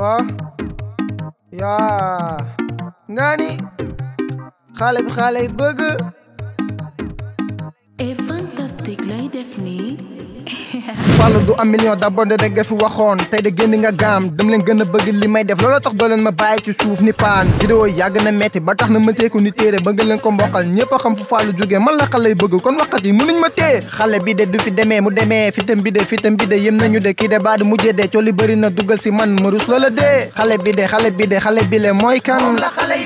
waaw yaa naa ni xale bi xale yi bëgg fàllu du am million d'abonnés rek nga fi waxoon tey da génn nga gaam dam leen gën a bëgg li may def looloo tax doo leen ma bàyyi ci suuf ni paan vidéo yàgg na metti ba tax na ma teeku ni téere bëgg leen ko mboqal ñëpp a xam fu fàllu jógee man la xale yi bëgg kon waxat yi mënuñ ma téye xale bi de du fi demee mu demee fitam bi de fitam bi de yem nañu de kii de baa di mujjee de li bëri na dugal si man ma rus loola dee xale bi de xale bi de xale bi le mooy kan la xale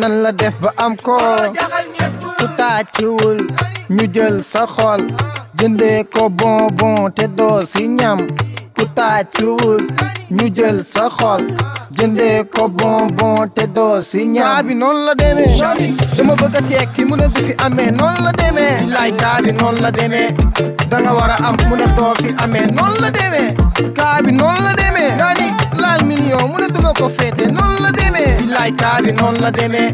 nan la def ba am ko ku tàcciwul ñu jël sa xol jëndee ko bonbon te doo si ñam ku tàccuwul ñu jël sa xol jëndee ko bonbon te doo si ñam gaa la demee dama bëgg a tekki mu ne du fi amee noonu la demee laay gaa bi la demee da nga la demee gaa bi noonu la demee gaa ni laal la demee laay gaa bi la demee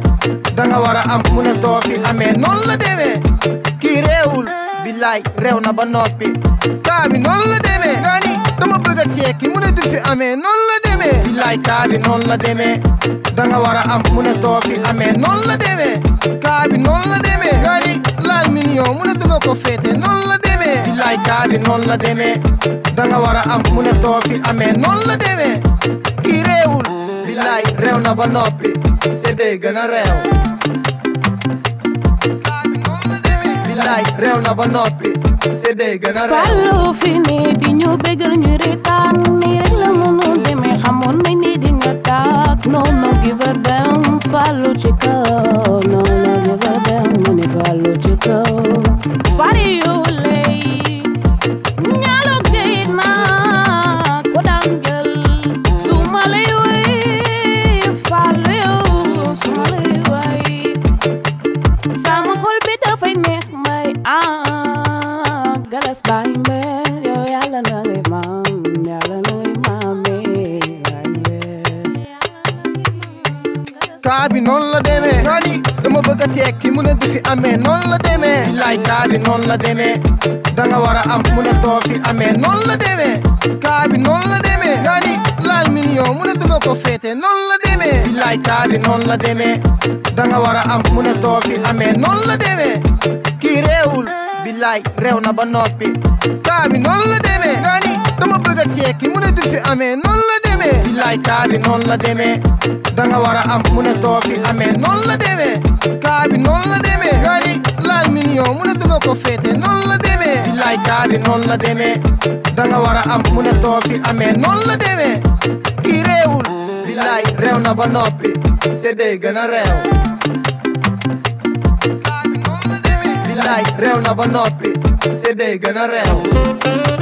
da nga am mu ne doo fi amee noonu la demee kii réewul billaay réew na ba noppi kaa la demee nga ni dama ceeki mu ne du fi amee noonu la demee billaay kaa bi la demee da mu ne doo laal million mu ne dugg ko féete la demee billaay kaa bi la demee da nga am mu ne doo amee noonu la demee kii réewul billaay réew na ba noppi te day gën billaay réew na ba noppi te day gën a réew. fi ne di ñu bëgg ñu retaan des bàyyi mbel yow yàlla na ngay maam yàlla na ngay maame bàyyi mbel. kaa bi noonu la demee. noonu dama bëgg a tekki mu ne du fi amee noonu la demee. bilaay kaa bi noonu la demee. da nga war a am mu ne doo fi amee noonu la demee. kaa bi noonu la demee. noonu laal million mu ne du nga ko féete noonu la demee. bilaay kaa bi noonu la demee. da nga war a am mu ne doo fi amee noonu la demee. laay réew na ba noppi kaa la demee nga ni dama bëgg ceeki mu ne du fi amee noonu la demee billaay kaa bi la demee da nga war ni laal mu ne dugg ko féete noonu la demee billaay kaa bi la demee da nga am mu ne doo fi amee noonu la demee kii réewul billaay réew na ba noppi te day gën a billaay réew na ba noppi te day gën a réew